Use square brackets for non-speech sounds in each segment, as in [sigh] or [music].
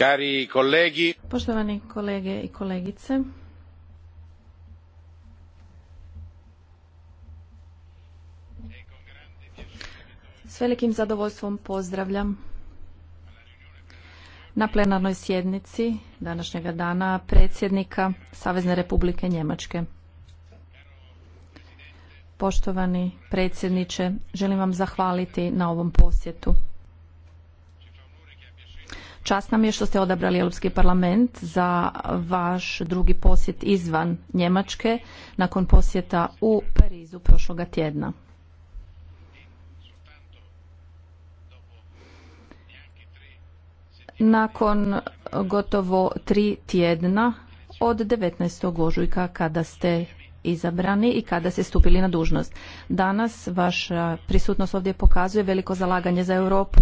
Cari Poštovani kolege i kolegice. S velikim zadovoljstvom pozdravljam na plenarnoj sjednici današnjega dana predsjednika Savezne republike Njemačke. Poštovani predsjedniče, želim vam zahvaliti na ovom posjetu. Čast nam je što ste odabrali Europski parlament za vaš drugi posjet izvan Njemačke nakon posjeta u Parizu prošloga tjedna. Nakon gotovo tri tjedna od 19. ožujka kada ste izabrani i kada ste stupili na dužnost. Danas vaša prisutnost ovdje pokazuje veliko zalaganje za Europu,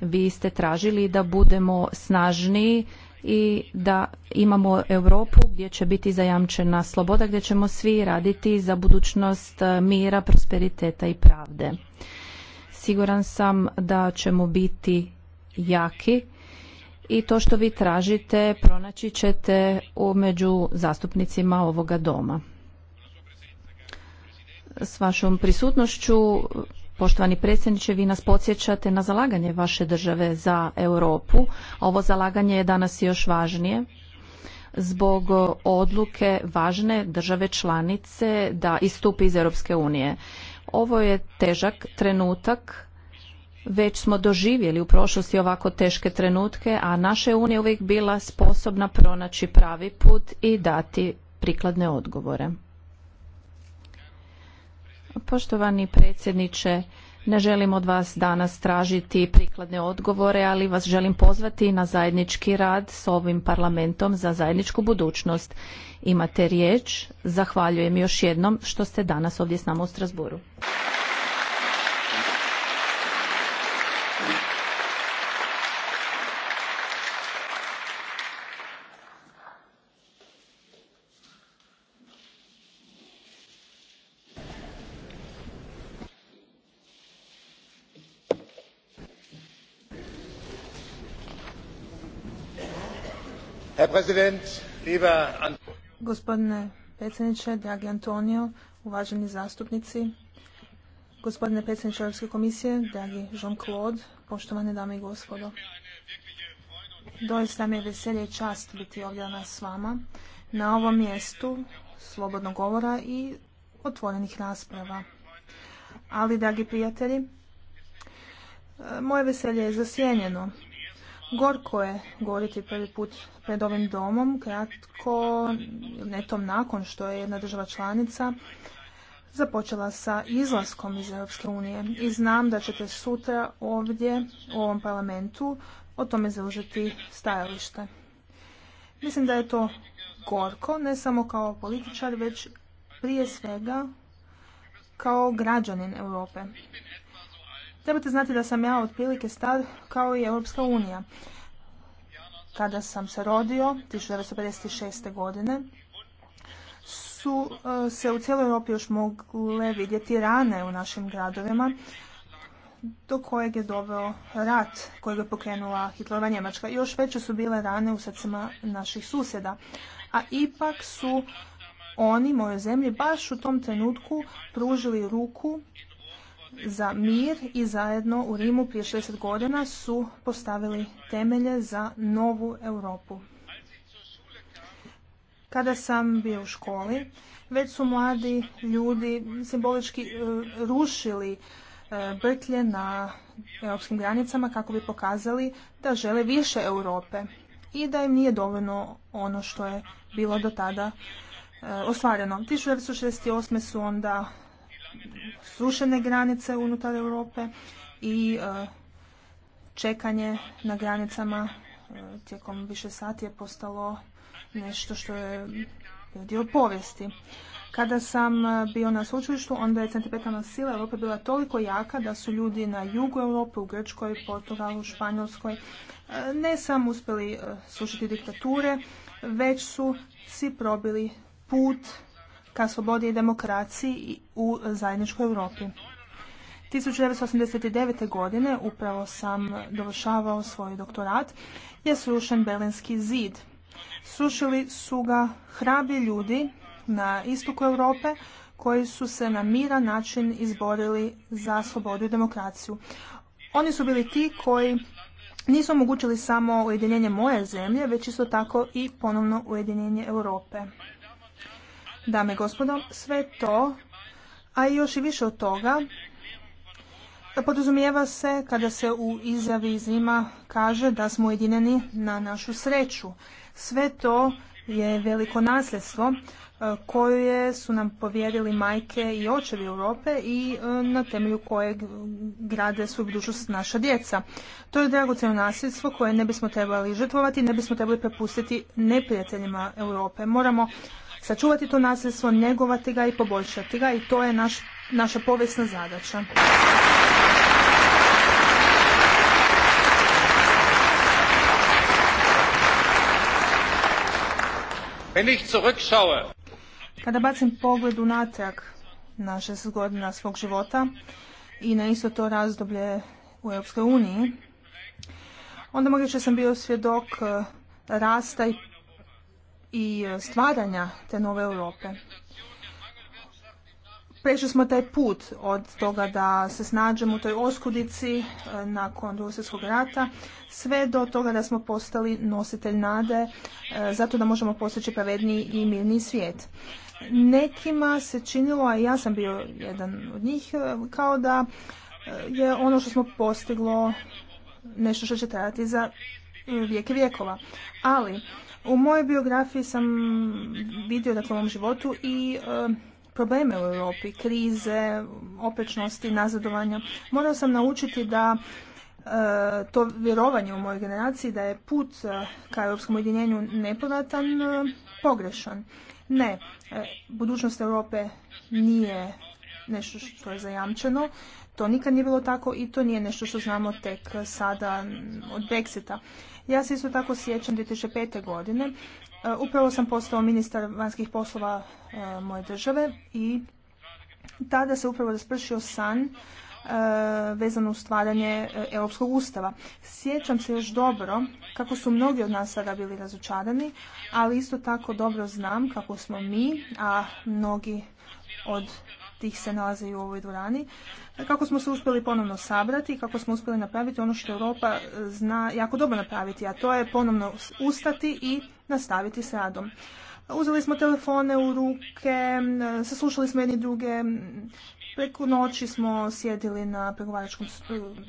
vi ste tražili da budemo snažniji i da imamo Europu gdje će biti zajamčena sloboda, gdje ćemo svi raditi za budućnost eh, mira, prosperiteta i pravde. Siguran sam da ćemo biti jaki i to što vi tražite pronaći ćete među zastupnicima ovoga doma. S vašom prisutnošću Poštovani predsjedniče, vi nas podsjećate na zalaganje vaše države za Europu. Ovo zalaganje je danas još važnije zbog odluke važne države članice da istupi iz Europske unije. Ovo je težak trenutak već smo doživjeli u prošlosti ovako teške trenutke, a naša Unija uvijek bila sposobna pronaći pravi put i dati prikladne odgovore. Poštovani predsjedniče, ne želim od vas danas tražiti prikladne odgovore, ali vas želim pozvati na zajednički rad s ovim parlamentom za zajedničku budućnost. Imate riječ, zahvaljujem još jednom što ste danas ovdje s nama u Strasburu. Gospodine predsjedniče, dragi Antonio, uvaženi zastupnici, gospodine predsjedniče Europske komisije, dragi Jean-Claude, poštovane dame i gospodo. Doista mi je veselje i čast biti ovdje danas s vama na ovom mjestu slobodnog govora i otvorenih rasprava. Ali, dragi prijatelji, e, moje veselje je zasjenjeno Gorko je govoriti prvi put pred ovim domom, kratko, netom nakon što je jedna država članica započela sa izlaskom iz Europske unije. I znam da ćete sutra ovdje u ovom parlamentu o tome zauzeti stajalište. Mislim da je to gorko, ne samo kao političar, već prije svega kao građanin Europe. Trebate znati da sam ja otprilike star kao i Europska unija. Kada sam se rodio, 1956. godine, su e, se u cijeloj Europi još mogle vidjeti rane u našim gradovima, do kojeg je doveo rat kojeg je pokrenula Hitlerova Njemačka. Još veće su bile rane u srcima naših susjeda. A ipak su oni, mojoj zemlji, baš u tom trenutku pružili ruku za mir i zajedno u Rimu prije 60 godina su postavili temelje za novu Europu. Kada sam bio u školi, već su mladi ljudi simbolički e, rušili e, brklje na europskim granicama kako bi pokazali da žele više Europe i da im nije dovoljno ono što je bilo do tada uh, ostvareno. 1968. su onda srušene granice unutar Europe i e, čekanje na granicama e, tijekom više sati je postalo nešto što je dio povijesti. Kada sam e, bio na sveučilištu, onda je centripetalna sila Europe bila toliko jaka da su ljudi na jugu Europe, u Grčkoj, Portugalu, Španjolskoj, ne samo uspjeli slušati diktature, već su svi probili put ka slobodi i demokraciji u zajedničkoj Europi. 1989. godine upravo sam dovršavao svoj doktorat je srušen Belenski zid. Srušili su ga hrabri ljudi na istoku Europe koji su se na miran način izborili za slobodu i demokraciju. Oni su bili ti koji nisu omogućili samo ujedinjenje moje zemlje, već isto tako i ponovno ujedinjenje Europe. Dame i gospodo, sve to, a i još i više od toga, podrazumijeva se kada se u izjavi zima kaže da smo ujedinjeni na našu sreću. Sve to je veliko nasljedstvo e, koje su nam povjerili majke i očevi Europe i e, na temelju kojeg grade svoju budućnost naša djeca. To je dragoceno nasljedstvo koje ne bismo trebali žrtvovati, ne bismo trebali prepustiti neprijateljima Europe. Moramo sačuvati to nasljedstvo, njegovati ga i poboljšati ga i to je naš, naša povijesna zadaća. Kada bacim pogled unatrag na šest godina svog života i na isto to razdoblje u Europskoj uniji, onda moguće sam bio svjedok eh, rasta i i e, stvaranja te nove Europe. Prešli smo taj put od toga da se snađemo u toj oskudici e, nakon Rusijskog rata, sve do toga da smo postali nositelj nade, e, zato da možemo postići pravedniji i mirni svijet. Nekima se činilo, a ja sam bio jedan od njih, kao da je ono što smo postiglo nešto što će trajati za vijeke vijekova. Ali u mojoj biografiji sam vidio dakle, u ovom životu i e, probleme u Europi, krize, opečnosti, nazadovanja. Morao sam naučiti da e, to vjerovanje u mojoj generaciji da je put e, ka europskom ujedinjenju nepovratan pogrešan. Ne, budućnost Europe nije nešto što je zajamčeno. To nikad nije bilo tako i to nije nešto što znamo tek sada od Brexita. Ja se isto tako sjećam 2005. godine. E, upravo sam postao ministar vanjskih poslova e, moje države i tada se upravo raspršio san e, vezano uz stvaranje Europskog ustava. Sjećam se još dobro kako su mnogi od nas sada bili razočarani, ali isto tako dobro znam kako smo mi, a mnogi od tih se nalaze i u ovoj dvorani, kako smo se uspjeli ponovno sabrati i kako smo uspjeli napraviti ono što Europa e, zna jako dobro napraviti, a to je ponovno ustati i nastaviti s radom. Uzeli smo telefone u ruke, saslušali smo jedni druge, preko noći smo sjedili na e,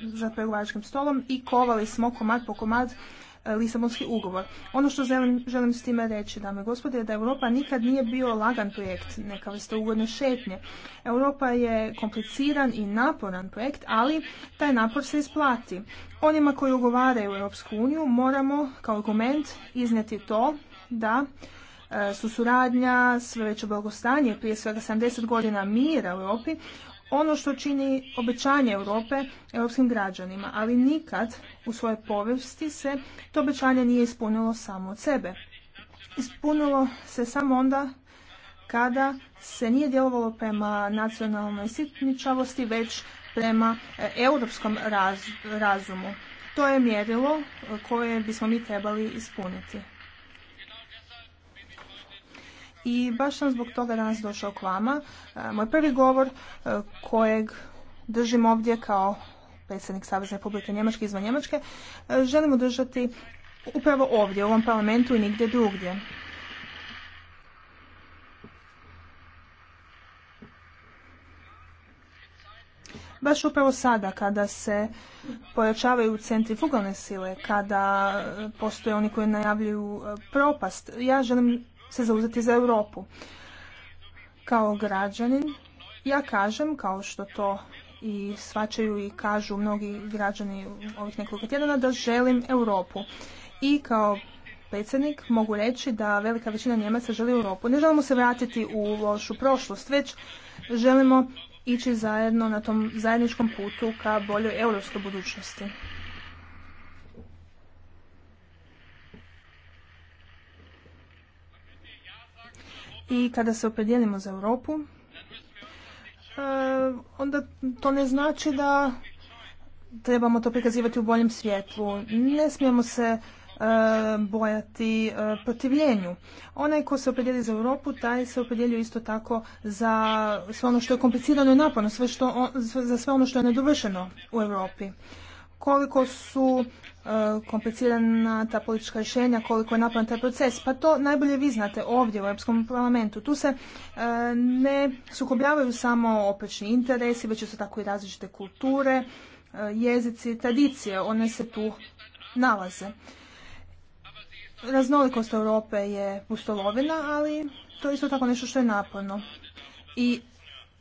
za pregovaračkim stolom i kovali smo komad po komad E, Lisabonski ugovor. Ono što želim, želim s time reći, dame i gospode, je da Europa nikad nije bio lagan projekt, neka vrsta ugodne šetnje. Europa je kompliciran i naporan projekt, ali taj napor se isplati. Onima koji ugovaraju Europsku uniju moramo kao argument iznijeti to da e, su suradnja, sve veće blagostanje, prije svega 70 godina mira u Europi, ono što čini obećanje Europe europskim građanima, ali nikad u svojoj povijesti se to obećanje nije ispunilo samo od sebe. Ispunilo se samo onda kada se nije djelovalo prema nacionalnoj sitničavosti, već prema e, europskom razumu. To je mjerilo koje bismo mi trebali ispuniti i baš sam zbog toga danas došao k vama. E, moj prvi govor e, kojeg držim ovdje kao predsjednik Savezne republike Njemačke izvan Njemačke, e, želim održati upravo ovdje, u ovom parlamentu i nigdje drugdje. Baš upravo sada kada se pojačavaju centri fugalne sile, kada postoje oni koji najavljuju propast, ja želim se zauzeti za Europu. Kao građanin, ja kažem, kao što to i svačaju i kažu mnogi građani ovih nekoliko tjedana, da želim Europu. I kao predsjednik mogu reći da velika većina Njemaca želi Europu. Ne želimo se vratiti u lošu prošlost, već želimo ići zajedno na tom zajedničkom putu ka boljoj europskoj budućnosti. i kada se opredijelimo za Europu, e, onda to ne znači da trebamo to prikazivati u boljem svjetlu. Ne smijemo se e, bojati e, protivljenju. Onaj ko se opredijeli za Europu, taj se opredjeljuje isto tako za sve ono što je komplicirano i naporno, sve što, za sve ono što je nedovršeno u Europi. Koliko su E, komplicirana ta politička rješenja, koliko je napravljen taj proces. Pa to najbolje vi znate ovdje u Europskom parlamentu. Tu se e, ne sukobljavaju samo oprečni interesi, već su tako i različite kulture, e, jezici, tradicije. One se tu nalaze. Raznolikost Europe je pustolovina, ali to je isto tako nešto što je naporno. I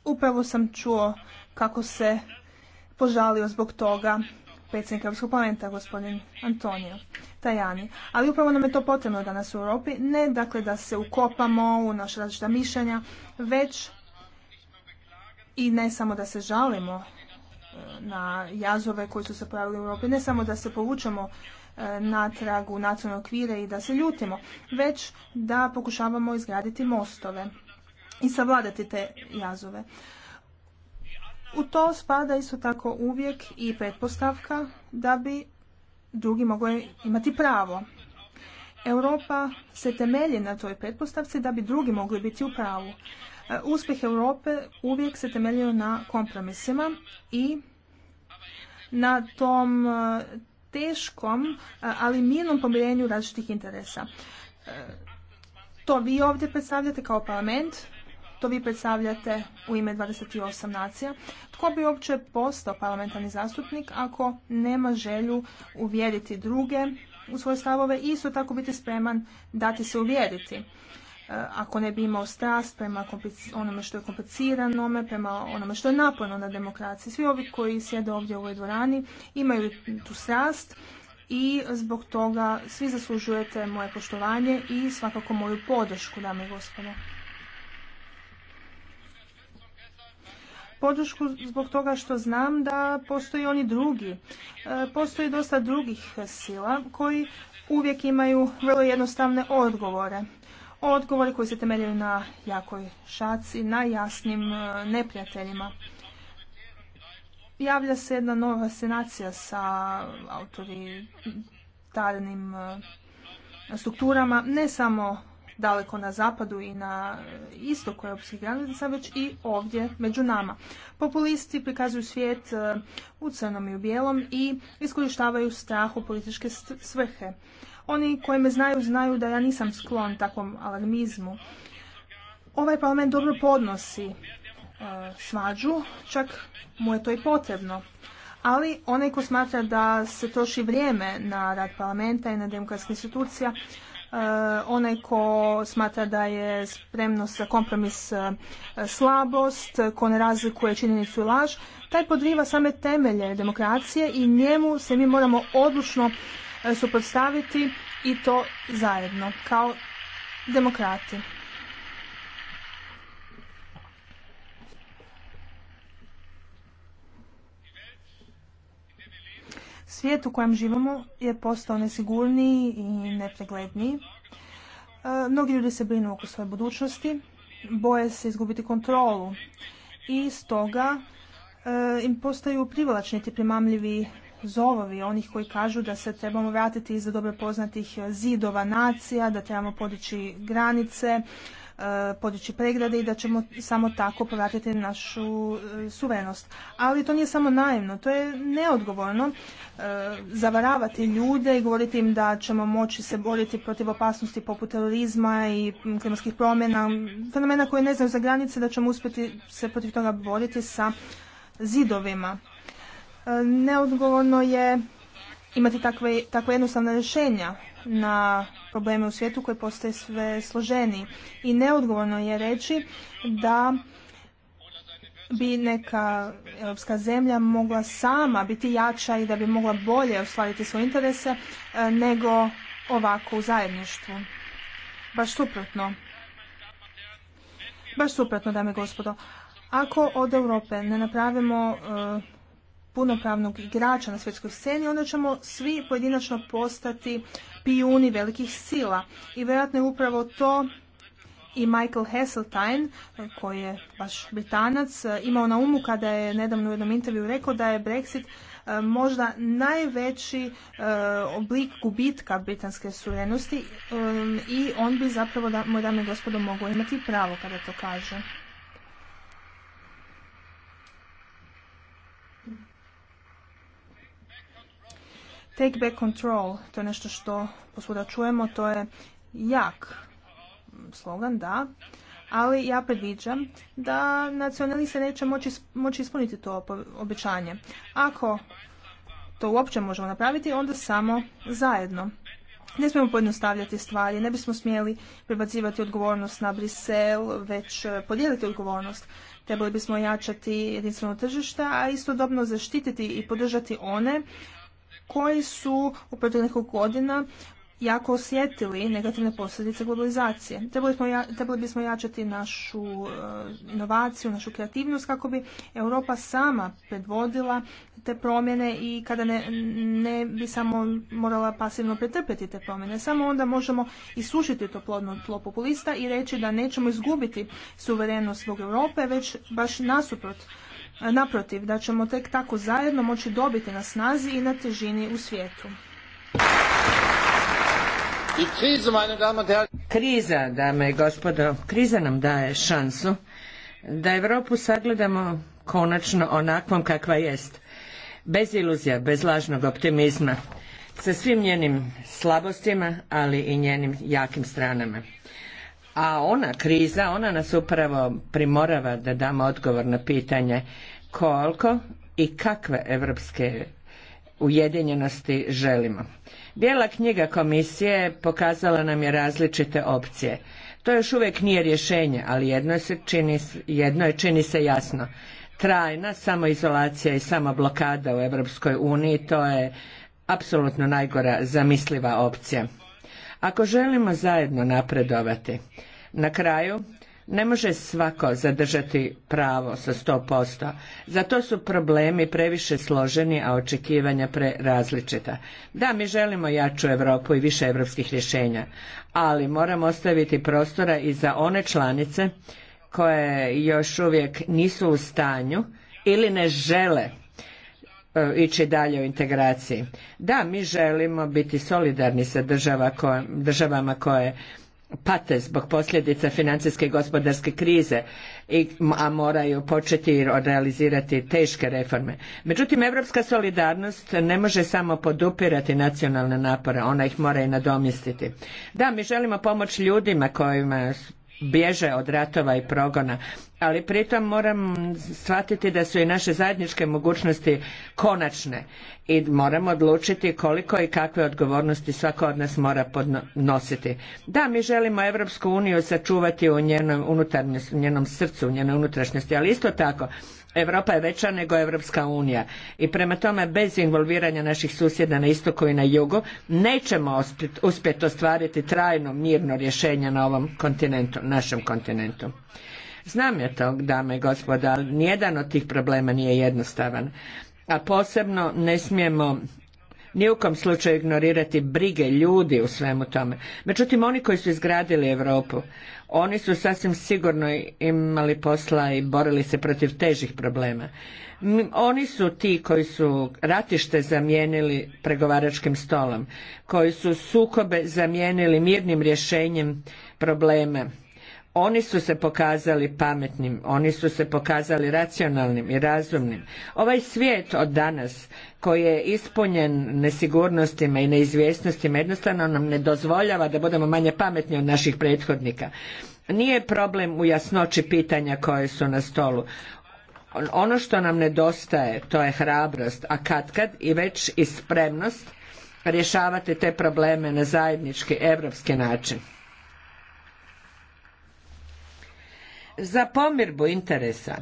upravo sam čuo kako se požalio zbog toga predsjednik Europskog parlamenta, gospodin Antonio Tajani. Ali upravo nam je to potrebno danas u Europi, ne dakle da se ukopamo u naša različita mišljenja, već i ne samo da se žalimo e, na jazove koji su se pojavili u Europi, ne samo da se povučemo e, natrag u nacionalne okvire i da se ljutimo, već da pokušavamo izgraditi mostove i savladati te jazove. U to spada isto tako uvijek i pretpostavka da bi drugi mogli imati pravo. Europa se temelji na toj pretpostavci da bi drugi mogli biti u pravu. E, uspjeh Europe uvijek se temeljio na kompromisima i na tom e, teškom, e, ali mirnom pomirenju različitih interesa. To vi ovdje predstavljate kao parlament, to vi predstavljate u ime 28 nacija. Tko bi uopće postao parlamentarni zastupnik ako nema želju uvjeriti druge u svoje stavove i isto tako biti spreman dati se uvjeriti e, ako ne bi imao strast prema onome što je kompliciranome, prema onome što je naporno na demokraciji. Svi ovi koji sjede ovdje u ovoj dvorani imaju tu strast i zbog toga svi zaslužujete moje poštovanje i svakako moju podršku, dame i gospodo. podršku zbog toga što znam da postoji oni drugi. E, postoji dosta drugih sila koji uvijek imaju vrlo jednostavne odgovore. Odgovori koji se temeljaju na jakoj šaci, na jasnim e, neprijateljima. Javlja se jedna nova senacija sa autoritarnim e, strukturama, ne samo daleko na zapadu i na istoku europskih granica, već i ovdje među nama. Populisti prikazuju svijet e, u crnom i u bijelom i iskorištavaju strah u političke svrhe. Oni koji me znaju, znaju da ja nisam sklon takvom alarmizmu. Ovaj parlament dobro podnosi e, svađu, čak mu je to i potrebno. Ali onaj ko smatra da se troši vrijeme na rad parlamenta i na demokratske institucija, Uh, onaj ko smatra da je spremnost za kompromis uh, slabost, ko ne razlikuje činjenicu i laž, taj podriva same temelje demokracije i njemu se mi moramo odlučno uh, suprotstaviti i to zajedno kao demokrati. Svijet u kojem živimo je postao nesigurniji i nepregledniji. E, mnogi ljudi se brinu oko svoje budućnosti, boje se izgubiti kontrolu i stoga e, im postaju privlačni ti primamljivi zovovi onih koji kažu da se trebamo vratiti iza dobro poznatih zidova nacija, da trebamo podići granice, E, podići pregrade i da ćemo samo tako povratiti našu e, suverenost. Ali to nije samo naivno, to je neodgovorno e, zavaravati ljude i govoriti im da ćemo moći se boriti protiv opasnosti poput terorizma i klimatskih promjena, fenomena koje ne znaju za granice, da ćemo uspjeti se protiv toga boriti sa zidovima. Neodgovorno je imati takve, takve jednostavne rješenja na probleme u svijetu koji postoje sve složeniji. I neodgovorno je reći da bi neka europska zemlja mogla sama biti jača i da bi mogla bolje ostvariti svoje interese e, nego ovako u zajedništvu. Baš suprotno. Baš suprotno, dame i gospodo. Ako od Europe ne napravimo e, punopravnog igrača na svjetskoj sceni, onda ćemo svi pojedinačno postati pijuni velikih sila. I vjerojatno je upravo to i Michael Heseltine, koji je baš britanac, imao na umu kada je nedavno u jednom intervju rekao da je Brexit e, možda najveći e, oblik gubitka britanske suverenosti e, i on bi zapravo, da, moje dame i gospodo, mogao imati pravo kada to kaže. Take back control, to je nešto što posvuda čujemo, to je jak slogan, da, ali ja predviđam da se neće moći, ispuniti to obećanje. Ako to uopće možemo napraviti, onda samo zajedno. Ne smijemo pojednostavljati stvari, ne bismo smjeli prebacivati odgovornost na Brisel, već e, podijeliti odgovornost. Trebali bismo jačati jedinstveno tržište, a istodobno zaštititi i podržati one koji su u proteklih godina jako osjetili negativne posljedice globalizacije. Trebali, bismo jačati našu eh, inovaciju, našu kreativnost kako bi Europa sama predvodila te promjene i kada ne, ne bi samo morala pasivno pretrpjeti te promjene. Samo onda možemo isušiti to plodno tlo populista i reći da nećemo izgubiti suverenost zbog Europe, već baš nasuprot Naprotiv, da ćemo tek tako zajedno moći dobiti na snazi i na težini u svijetu. Kriza, dame i gospodo, kriza nam daje šansu da Europu sagledamo konačno onakvom kakva jest. Bez iluzija, bez lažnog optimizma. Sa svim njenim slabostima, ali i njenim jakim stranama. A ona kriza, ona nas upravo primorava da damo odgovor na pitanje koliko i kakve evropske ujedinjenosti želimo. Bijela knjiga komisije pokazala nam je različite opcije. To još uvijek nije rješenje, ali jedno, se čini, jedno je čini se jasno. Trajna samoizolacija i sama blokada u Europskoj uniji to je apsolutno najgora zamisliva opcija. Ako želimo zajedno napredovati, na kraju ne može svako zadržati pravo sa 100%. Zato su problemi previše složeni, a očekivanja pre različita. Da, mi želimo jaču Europu i više europskih rješenja, ali moramo ostaviti prostora i za one članice koje još uvijek nisu u stanju ili ne žele E, ići dalje u integraciji. Da, mi želimo biti solidarni sa državama koje pate zbog posljedica financijske i gospodarske krize, a moraju početi realizirati teške reforme. Međutim, europska solidarnost ne može samo podupirati nacionalne napore, ona ih mora i nadomjestiti. Da, mi želimo pomoći ljudima kojima bježe od ratova i progona, ali pritom moram shvatiti da su i naše zajedničke mogućnosti konačne i moramo odlučiti koliko i kakve odgovornosti svako od nas mora podnositi. Da, mi želimo Europsku uniju sačuvati u njenom njenom srcu, u njenoj unutrašnjosti, ali isto tako Europa je veća nego Europska unija i prema tome bez involviranja naših susjeda na istoku i na jugu nećemo uspjeti ostvariti trajno mirno rješenje na ovom kontinentu, našem kontinentu. Znam ja to, dame i gospodo, ali nijedan od tih problema nije jednostavan. A posebno ne smijemo ni u kom slučaju ignorirati brige ljudi u svemu tome. Međutim, oni koji su izgradili Europu, oni su sasvim sigurno imali posla i borili se protiv težih problema. Oni su ti koji su ratište zamijenili pregovaračkim stolom, koji su sukobe zamijenili mirnim rješenjem problema oni su se pokazali pametnim, oni su se pokazali racionalnim i razumnim. Ovaj svijet od danas koji je ispunjen nesigurnostima i neizvjesnostima jednostavno nam ne dozvoljava da budemo manje pametni od naših prethodnika. Nije problem u jasnoći pitanja koje su na stolu. Ono što nam nedostaje to je hrabrost, a katkad i već i spremnost rješavati te probleme na zajednički evropski način. za pomirbu interesa.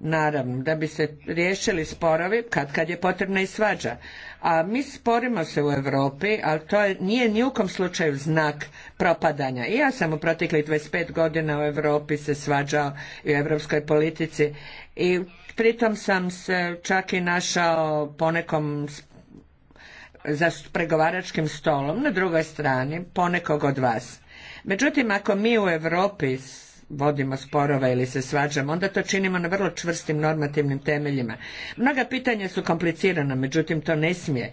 Naravno, da bi se riješili sporovi kad kad je potrebna i svađa. A mi sporimo se u Europi, ali to nije ni u kom slučaju znak propadanja. I ja sam u proteklih 25 godina u Europi se svađao i u europskoj politici i pritom sam se čak i našao ponekom za pregovaračkim stolom na drugoj strani ponekog od vas. Međutim, ako mi u Europi vodimo sporove ili se svađamo, onda to činimo na vrlo čvrstim normativnim temeljima. Mnoga pitanja su komplicirana, međutim to ne smije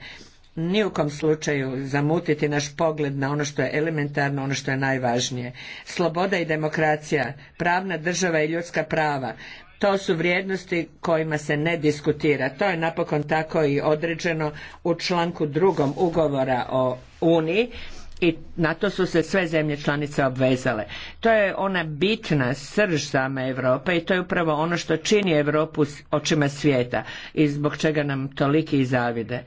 ni u kom slučaju zamutiti naš pogled na ono što je elementarno, ono što je najvažnije. Sloboda i demokracija, pravna država i ljudska prava, to su vrijednosti kojima se ne diskutira. To je napokon tako i određeno u članku drugom ugovora o Uniji i na to su se sve zemlje članice obvezale. To je ona bitna srž same Europe i to je upravo ono što čini Europu očima svijeta i zbog čega nam toliki i zavide.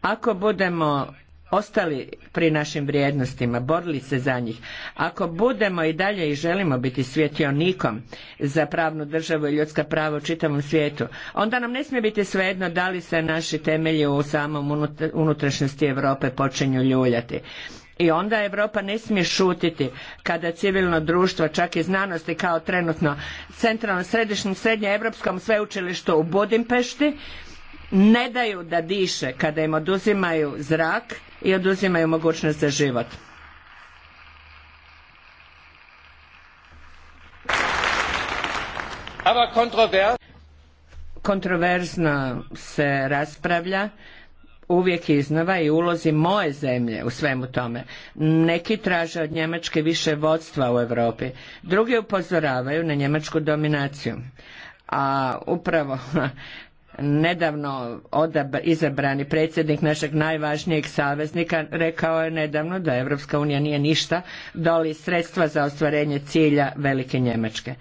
Ako budemo ostali pri našim vrijednostima, borili se za njih. Ako budemo i dalje i želimo biti svjetionikom za pravnu državu i ljudska prava u čitavom svijetu, onda nam ne smije biti svejedno da li se naši temelji u samom unutrašnjosti Europe počinju ljuljati. I onda Europa ne smije šutiti kada civilno društvo, čak i znanosti kao trenutno centralno središnjem evropskom sveučilištu u Budimpešti ne daju da diše kada im oduzimaju zrak i oduzimaju mogućnost za život. Kontroverzno se raspravlja uvijek iznova i ulozi moje zemlje u svemu tome. Neki traže od Njemačke više vodstva u Europi, drugi upozoravaju na njemačku dominaciju. A upravo [laughs] nedavno izabrani predsjednik našeg najvažnijeg saveznika rekao je nedavno da Europska unija nije ništa doli sredstva za ostvarenje cilja Velike Njemačke.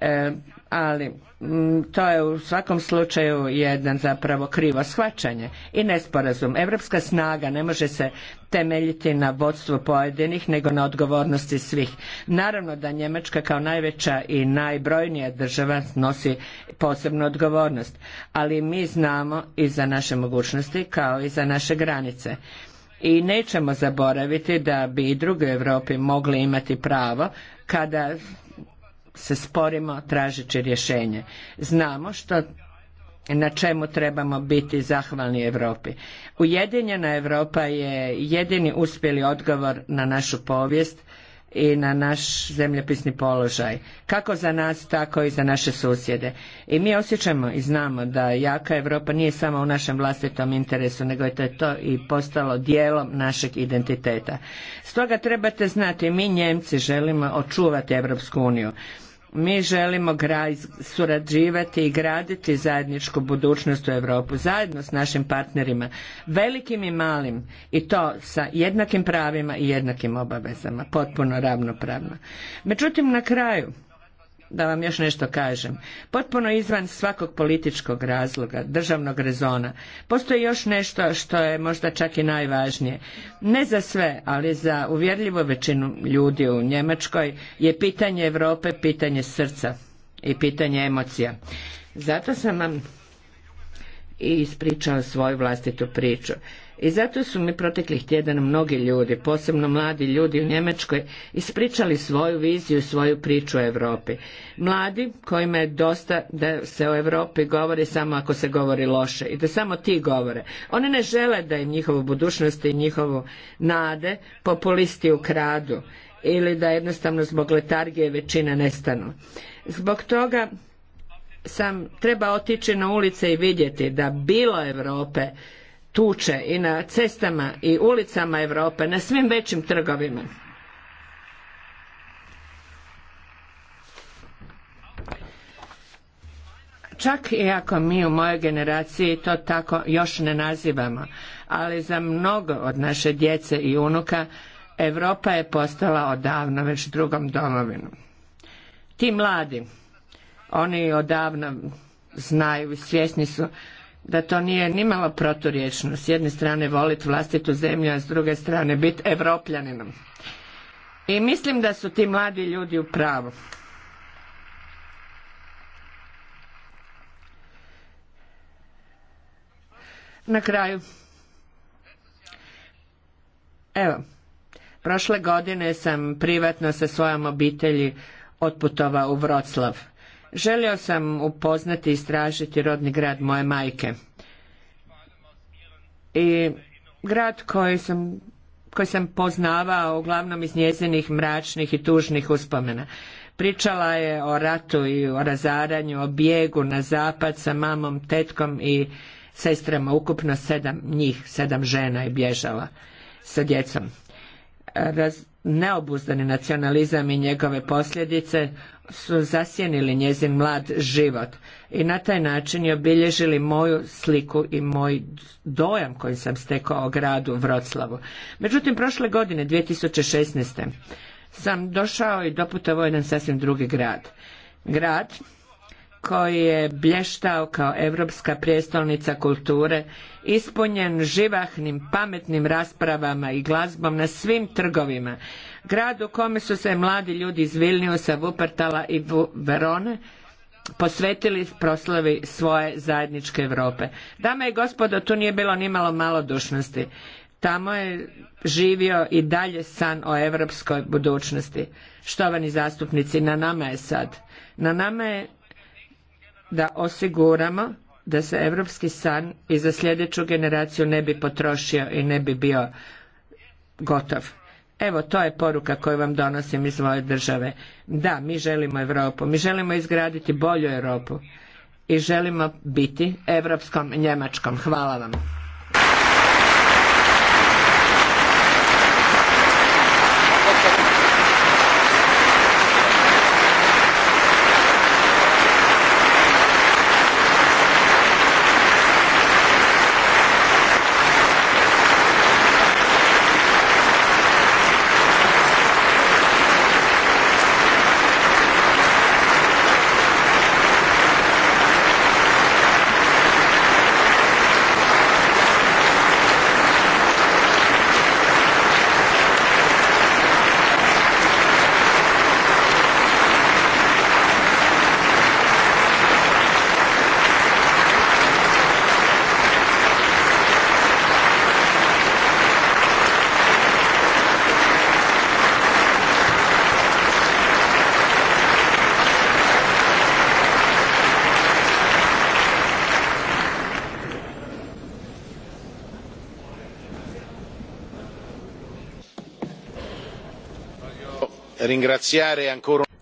E, ali Mm, to je u svakom slučaju jedan zapravo krivo shvaćanje i nesporazum. Europska snaga ne može se temeljiti na vodstvu pojedinih nego na odgovornosti svih. Naravno da Njemačka kao najveća i najbrojnija država nosi posebnu odgovornost, ali mi znamo i za naše mogućnosti kao i za naše granice. I nećemo zaboraviti da bi i druge Europi mogli imati pravo kada se sporimo tražeći rješenje. Znamo što na čemu trebamo biti zahvalni Europi. Ujedinjena Europa je jedini uspjeli odgovor na našu povijest i na naš zemljopisni položaj. Kako za nas, tako i za naše susjede. I mi osjećamo i znamo da jaka Europa nije samo u našem vlastitom interesu, nego je to, i postalo dijelom našeg identiteta. Stoga trebate znati, mi Njemci želimo očuvati Europsku uniju mi želimo surađivati i graditi zajedničku budućnost u Europu zajedno s našim partnerima, velikim i malim i to sa jednakim pravima i jednakim obavezama, potpuno ravnopravno. Međutim, na kraju da vam još nešto kažem. Potpuno izvan svakog političkog razloga, državnog rezona. Postoji još nešto što je možda čak i najvažnije. Ne za sve, ali za uvjerljivu većinu ljudi u Njemačkoj je pitanje Europe pitanje srca i pitanje emocija. Zato sam vam i ispričao svoju vlastitu priču. I zato su mi proteklih tjedana mnogi ljudi, posebno mladi ljudi u Njemačkoj, ispričali svoju viziju, svoju priču o Europi. Mladi kojima je dosta da se o Europi govori samo ako se govori loše i da samo ti govore. Oni ne žele da im njihovu budućnost i njihovo nade populisti ukradu ili da jednostavno zbog letargije većina nestanu. Zbog toga sam treba otići na ulice i vidjeti da bilo Europe tuče i na cestama i ulicama Europe, na svim većim trgovima. Čak i ako mi u mojoj generaciji to tako još ne nazivamo, ali za mnogo od naše djece i unuka Europa je postala odavno već drugom domovinom. Ti mladi oni odavno znaju i svjesni su da to nije nimalo proturječno. S jedne strane voliti vlastitu zemlju, a s druge strane biti evropljaninom. I mislim da su ti mladi ljudi u pravu. Na kraju. Evo, prošle godine sam privatno sa svojom obitelji otputovao u Vroclav Želio sam upoznati i istražiti rodni grad moje majke. I grad koji sam, koji sam poznavao uglavnom iz njezinih mračnih i tužnih uspomena. Pričala je o ratu i o razaranju, o bijegu na zapad sa mamom, tetkom i sestrama, ukupno sedam njih, sedam žena je bježala sa djecom neobuzdani nacionalizam i njegove posljedice su zasjenili njezin mlad život i na taj način je obilježili moju sliku i moj dojam koji sam stekao o gradu Vroclavu. Međutim, prošle godine, 2016. sam došao i doputovao jedan sasvim drugi grad. Grad koji je blještao kao europska prijestolnica kulture, ispunjen živahnim, pametnim raspravama i glazbom na svim trgovima. Grad u kome su se mladi ljudi iz Vilniusa, Vupertala i Verone posvetili proslavi svoje zajedničke Europe. Dame i gospodo, tu nije bilo nimalo malo malodušnosti. Tamo je živio i dalje san o europskoj budućnosti. Štovani zastupnici, na nama je sad. Na nama je da osiguramo da se europski san i za sljedeću generaciju ne bi potrošio i ne bi bio gotov. Evo, to je poruka koju vam donosim iz svoje države. Da, mi želimo Europu, mi želimo izgraditi bolju Europu i želimo biti europskom Njemačkom. Hvala vam.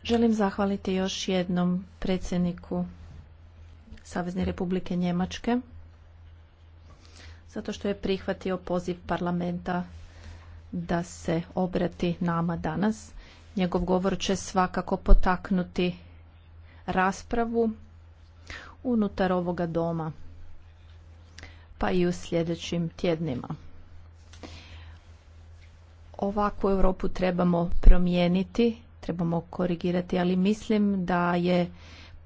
Želim zahvaliti još jednom predsjedniku Savezne republike Njemačke zato što je prihvatio poziv parlamenta da se obrati nama danas. Njegov govor će svakako potaknuti raspravu unutar ovoga doma pa i u sljedećim tjednima. Ovakvu Europu trebamo promijeniti trebamo korigirati, ali mislim da je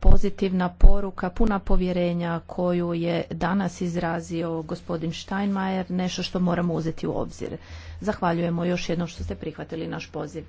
pozitivna poruka, puna povjerenja koju je danas izrazio gospodin Steinmeier, nešto što moramo uzeti u obzir. Zahvaljujemo još jednom što ste prihvatili naš poziv.